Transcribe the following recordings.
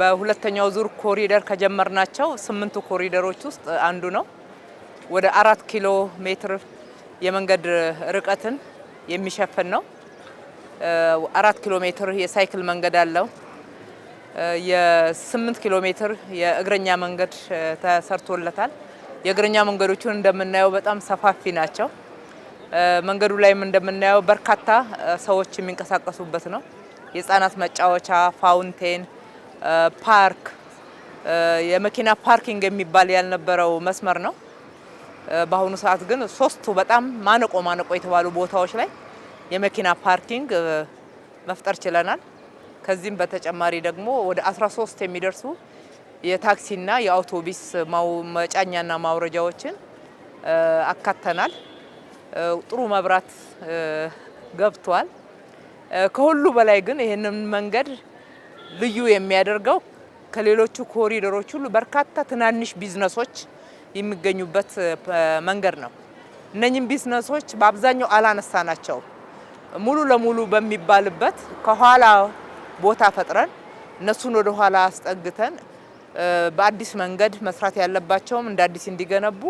በሁለተኛው ዙር ኮሪደር ከጀመርናቸው ስምንቱ ኮሪደሮች ውስጥ አንዱ ነው። ወደ አራት ኪሎ ሜትር የመንገድ ርቀትን የሚሸፍን ነው። አራት ኪሎ ሜትር የሳይክል መንገድ አለው። የስምንት ኪሎ ሜትር የእግረኛ መንገድ ተሰርቶለታል። የእግረኛ መንገዶቹን እንደምናየው በጣም ሰፋፊ ናቸው። መንገዱ ላይም እንደምናየው በርካታ ሰዎች የሚንቀሳቀሱበት ነው። የህፃናት መጫወቻ ፋውንቴን ፓርክ፣ የመኪና ፓርኪንግ የሚባል ያልነበረው መስመር ነው። በአሁኑ ሰዓት ግን ሶስቱ በጣም ማነቆ ማነቆ የተባሉ ቦታዎች ላይ የመኪና ፓርኪንግ መፍጠር ችለናል። ከዚህም በተጨማሪ ደግሞ ወደ 13 የሚደርሱ የታክሲና የአውቶቡስ መጫኛና ማውረጃዎችን አካተናል። ጥሩ መብራት ገብቷል። ከሁሉ በላይ ግን ይህንን መንገድ ልዩ የሚያደርገው ከሌሎቹ ኮሪደሮች ሁሉ በርካታ ትናንሽ ቢዝነሶች የሚገኙበት መንገድ ነው። እነኚህም ቢዝነሶች በአብዛኛው አላነሳ ናቸው። ሙሉ ለሙሉ በሚባልበት ከኋላ ቦታ ፈጥረን እነሱን ወደ ኋላ አስጠግተን በአዲስ መንገድ መስራት ያለባቸውም እንደ አዲስ እንዲገነቡ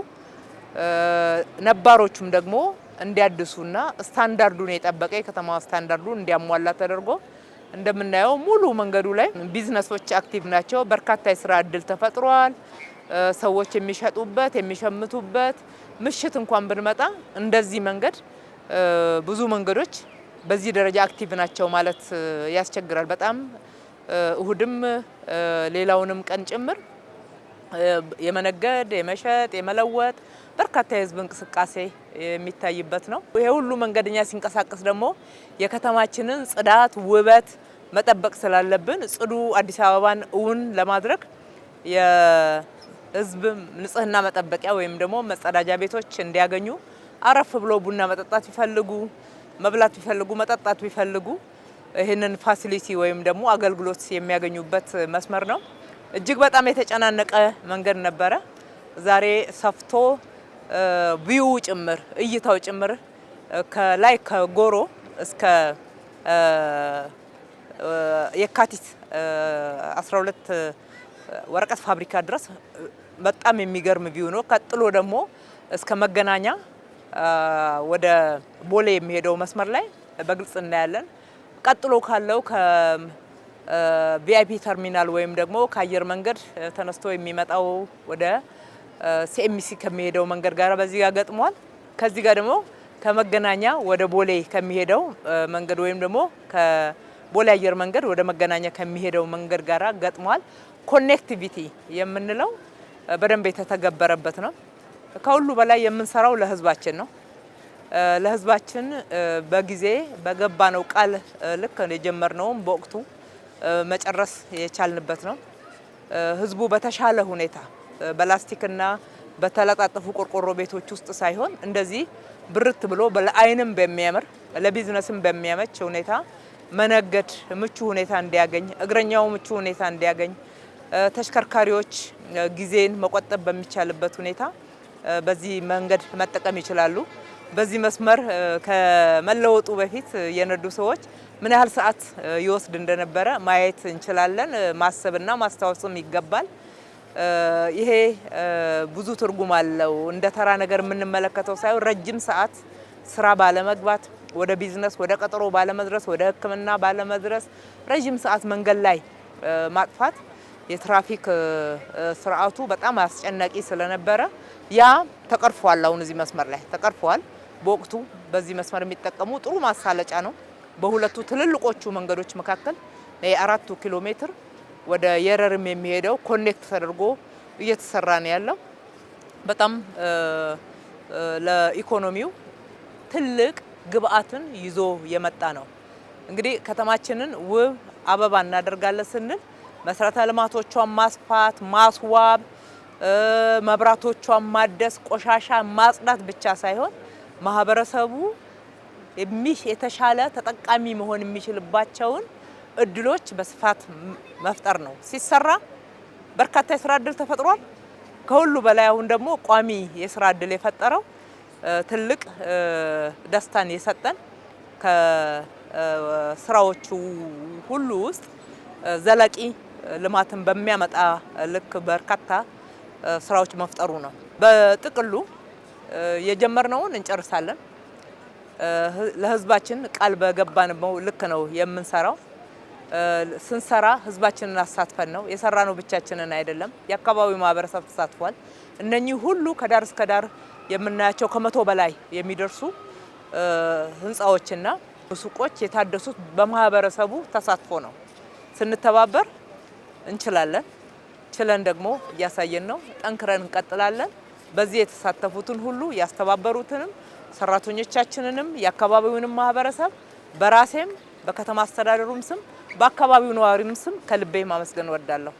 ነባሮቹም ደግሞ እንዲያድሱና ስታንዳርዱን የጠበቀ የከተማዋ ስታንዳርዱን እንዲያሟላ ተደርጎ እንደምናየው ሙሉ መንገዱ ላይ ቢዝነሶች አክቲቭ ናቸው። በርካታ የስራ እድል ተፈጥሯል። ሰዎች የሚሸጡበት የሚሸምቱበት፣ ምሽት እንኳን ብንመጣ እንደዚህ መንገድ ብዙ መንገዶች በዚህ ደረጃ አክቲቭ ናቸው ማለት ያስቸግራል። በጣም እሁድም ሌላውንም ቀን ጭምር የመነገድ የመሸጥ የመለወጥ በርካታ የህዝብ እንቅስቃሴ የሚታይበት ነው። ይሄ ሁሉ መንገደኛ ሲንቀሳቀስ ደግሞ የከተማችንን ጽዳት፣ ውበት መጠበቅ ስላለብን ጽዱ አዲስ አበባን እውን ለማድረግ የህዝብ ንጽህና መጠበቂያ ወይም ደግሞ መጸዳጃ ቤቶች እንዲያገኙ አረፍ ብሎ ቡና መጠጣት ቢፈልጉ መብላት ቢፈልጉ መጠጣት ቢፈልጉ ይህንን ፋሲሊቲ ወይም ደግሞ አገልግሎት የሚያገኙበት መስመር ነው። እጅግ በጣም የተጨናነቀ መንገድ ነበረ። ዛሬ ሰፍቶ ቪው ጭምር እይታው ጭምር ከላይ ከጎሮ እስከ የካቲት 12 ወረቀት ፋብሪካ ድረስ በጣም የሚገርም ቪው ነው። ቀጥሎ ደግሞ እስከ መገናኛ ወደ ቦሌ የሚሄደው መስመር ላይ በግልጽ እናያለን። ቀጥሎ ካለው ቪአይፒ ተርሚናል ወይም ደግሞ ከአየር መንገድ ተነስቶ የሚመጣው ወደ ሲኤምሲ ከሚሄደው መንገድ ጋር በዚህ ጋር ገጥሟል። ከዚህ ጋር ደግሞ ከመገናኛ ወደ ቦሌ ከሚሄደው መንገድ ወይም ደግሞ ከቦሌ አየር መንገድ ወደ መገናኛ ከሚሄደው መንገድ ጋር ገጥሟል። ኮኔክቲቪቲ የምንለው በደንብ የተተገበረበት ነው። ከሁሉ በላይ የምንሰራው ለህዝባችን ነው። ለህዝባችን በጊዜ በገባነው ቃል ልክ የጀመርነውም በወቅቱ መጨረስ የቻልንበት ነው። ህዝቡ በተሻለ ሁኔታ በላስቲክና በተለጣጠፉ ቆርቆሮ ቤቶች ውስጥ ሳይሆን እንደዚህ ብርት ብሎ ለአይንም በሚያምር ለቢዝነስም በሚያመች ሁኔታ መነገድ ምቹ ሁኔታ እንዲያገኝ፣ እግረኛው ምቹ ሁኔታ እንዲያገኝ፣ ተሽከርካሪዎች ጊዜን መቆጠብ በሚቻልበት ሁኔታ በዚህ መንገድ መጠቀም ይችላሉ። በዚህ መስመር ከመለወጡ በፊት የነዱ ሰዎች ምን ያህል ሰዓት ይወስድ እንደነበረ ማየት እንችላለን። ማሰብና ማስታወስም ይገባል። ይሄ ብዙ ትርጉም አለው። እንደ ተራ ነገር የምንመለከተው ሳይሆን ረጅም ሰዓት ስራ ባለመግባት፣ ወደ ቢዝነስ፣ ወደ ቀጠሮ ባለመድረስ፣ ወደ ሕክምና ባለመድረስ ረዥም ሰዓት መንገድ ላይ ማጥፋት የትራፊክ ስርዓቱ በጣም አስጨናቂ ስለነበረ ያ ተቀርፏል። አሁን እዚህ መስመር ላይ ተቀርፏል። በወቅቱ በዚህ መስመር የሚጠቀሙ ጥሩ ማሳለጫ ነው። በሁለቱ ትልልቆቹ መንገዶች መካከል የአራቱ ኪሎ ሜትር ወደ የረርም የሚሄደው ኮኔክት ተደርጎ እየተሰራ ነው ያለው። በጣም ለኢኮኖሚው ትልቅ ግብአትን ይዞ የመጣ ነው። እንግዲህ ከተማችንን ውብ አበባ እናደርጋለን ስንል መሰረተ ልማቶቿን ማስፋት፣ ማስዋብ፣ መብራቶቿን ማደስ፣ ቆሻሻ ማጽዳት ብቻ ሳይሆን ማህበረሰቡ የሚሽ የተሻለ ተጠቃሚ መሆን የሚችልባቸውን እድሎች በስፋት መፍጠር ነው። ሲሰራ በርካታ የስራ እድል ተፈጥሯል። ከሁሉ በላይ አሁን ደግሞ ቋሚ የስራ እድል የፈጠረው ትልቅ ደስታን የሰጠን ከስራዎቹ ሁሉ ውስጥ ዘላቂ ልማትን በሚያመጣ ልክ በርካታ ስራዎች መፍጠሩ ነው። በጥቅሉ የጀመርነውን እንጨርሳለን። ለህዝባችን ቃል በገባንበው ልክ ነው የምንሰራው። ስንሰራ ህዝባችንን አሳትፈን ነው የሰራነው፣ ብቻችንን አይደለም። የአካባቢው ማህበረሰብ ተሳትፏል። እነኚህ ሁሉ ከዳር እስከ ዳር የምናያቸው ከመቶ በላይ የሚደርሱ ህንፃዎችና ሱቆች የታደሱት በማህበረሰቡ ተሳትፎ ነው። ስንተባበር እንችላለን። ችለን ደግሞ እያሳየን ነው። ጠንክረን እንቀጥላለን። በዚህ የተሳተፉትን ሁሉ ያስተባበሩትንም ሰራተኞቻችንንም የአካባቢውንም ማህበረሰብ በራሴም በከተማ አስተዳደሩም ስም በአካባቢው ነዋሪም ስም ከልቤ ማመስገን እወዳለሁ።